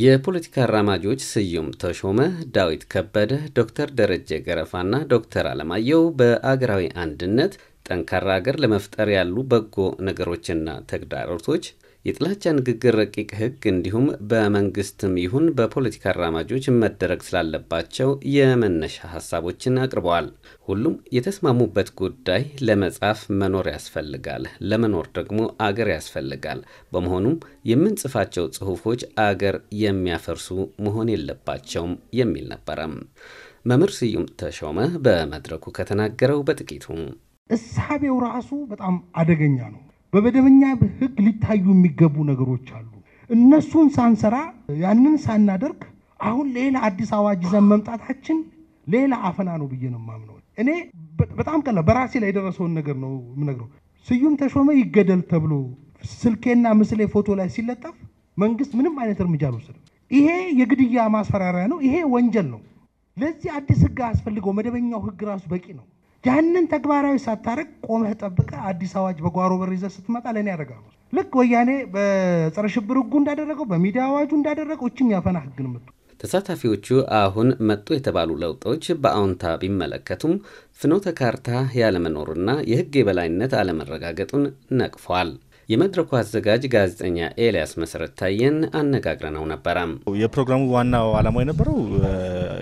የፖለቲካ አራማጆች ስዩም ተሾመ፣ ዳዊት ከበደ፣ ዶክተር ደረጀ ገረፋና ዶክተር አለማየሁ በአገራዊ አንድነት ጠንካራ አገር ለመፍጠር ያሉ በጎ ነገሮችና ተግዳሮቶች የጥላቻ ንግግር ረቂቅ ህግ እንዲሁም በመንግስትም ይሁን በፖለቲካ አራማጆች መደረግ ስላለባቸው የመነሻ ሀሳቦችን አቅርበዋል። ሁሉም የተስማሙበት ጉዳይ ለመጻፍ መኖር ያስፈልጋል፣ ለመኖር ደግሞ አገር ያስፈልጋል። በመሆኑም የምንጽፋቸው ጽሁፎች አገር የሚያፈርሱ መሆን የለባቸውም የሚል ነበረም። መምህር ስዩም ተሾመ በመድረኩ ከተናገረው በጥቂቱ እሳቤው ራሱ በጣም አደገኛ ነው። በመደበኛ ህግ ሊታዩ የሚገቡ ነገሮች አሉ። እነሱን ሳንሰራ ያንን ሳናደርግ አሁን ሌላ አዲስ አዋጅ ይዘን መምጣታችን ሌላ አፈና ነው ብዬ ነው የማምነው። እኔ በጣም ቀላል በራሴ ላይ የደረሰውን ነገር ነው የምነግረው። ስዩም ተሾመ ይገደል ተብሎ ስልኬና ምስሌ ፎቶ ላይ ሲለጠፍ መንግስት ምንም አይነት እርምጃ አልወሰደም። ይሄ የግድያ ማስፈራሪያ ነው። ይሄ ወንጀል ነው። ለዚህ አዲስ ህግ አያስፈልገው። መደበኛው ህግ ራሱ በቂ ነው። ያንን ተግባራዊ ሳታረግ ቆመህ ጠብቀህ አዲስ አዋጅ በጓሮ በር ይዘህ ስትመጣ ለእኔ ያደርጋሉ። ልክ ወያኔ በጸረ ሽብር ህጉ እንዳደረገው በሚዲያ አዋጁ እንዳደረገው እችም ያፈና ህግ ነው። ተሳታፊዎቹ አሁን መጡ የተባሉ ለውጦች በአዎንታ ቢመለከቱም ፍኖተ ካርታ ያለመኖሩና የህግ የበላይነት አለመረጋገጡን ነቅፏል። የመድረኩ አዘጋጅ ጋዜጠኛ ኤልያስ መሰረት ታየን አነጋግረነው ነበረም። የፕሮግራሙ ዋናው ዓላማው የነበረው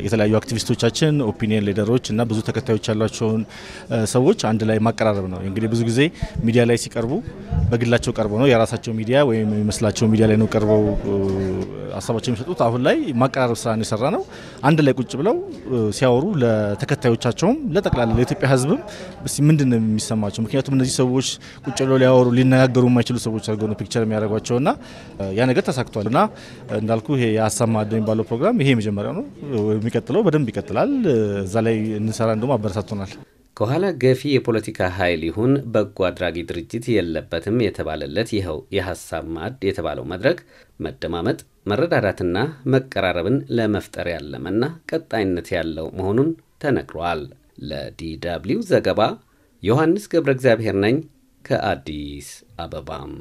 የተለያዩ አክቲቪስቶቻችን፣ ኦፒኒየን ሊደሮች እና ብዙ ተከታዮች ያሏቸውን ሰዎች አንድ ላይ ማቀራረብ ነው። እንግዲህ ብዙ ጊዜ ሚዲያ ላይ ሲቀርቡ በግላቸው ቀርበው ነው የራሳቸው ሚዲያ ወይም የሚመስላቸው ሚዲያ ላይ ነው ቀርበው ሀሳባቸው የሚሰጡት። አሁን ላይ ማቀራረብ ስራ የሰራ ነው። አንድ ላይ ቁጭ ብለው ሲያወሩ ለተከታዮቻቸውም፣ ለጠቅላላ ለኢትዮጵያ ሕዝብም ምንድን ነው የሚሰማቸው? ምክንያቱም እነዚህ ሰዎች ቁጭ ብለው ሊያወሩ ሊነጋገሩ የማይችሉ ሰዎች አድርገው ነው ፒክቸር የሚያደርጓቸው እና ያ ነገር ተሳክቷል እና እንዳልኩ ይሄ የሀሳብ ማዕድ የሚባለው ፕሮግራም ይሄ የመጀመሪያው ነው። የሚቀጥለው በደንብ ይቀጥላል። እዛ ላይ እንሰራ እንደሞ አበረታቶናል። ከኋላ ገፊ የፖለቲካ ኃይል ይሁን በጎ አድራጊ ድርጅት የለበትም የተባለለት ይኸው የሀሳብ ማዕድ የተባለው መድረክ መደማመጥ፣ መረዳዳትና መቀራረብን ለመፍጠር ያለመና ቀጣይነት ያለው መሆኑን ተነግሯል። ለዲደብሊው ዘገባ ዮሐንስ ገብረ እግዚአብሔር ነኝ ከአዲስ አበባም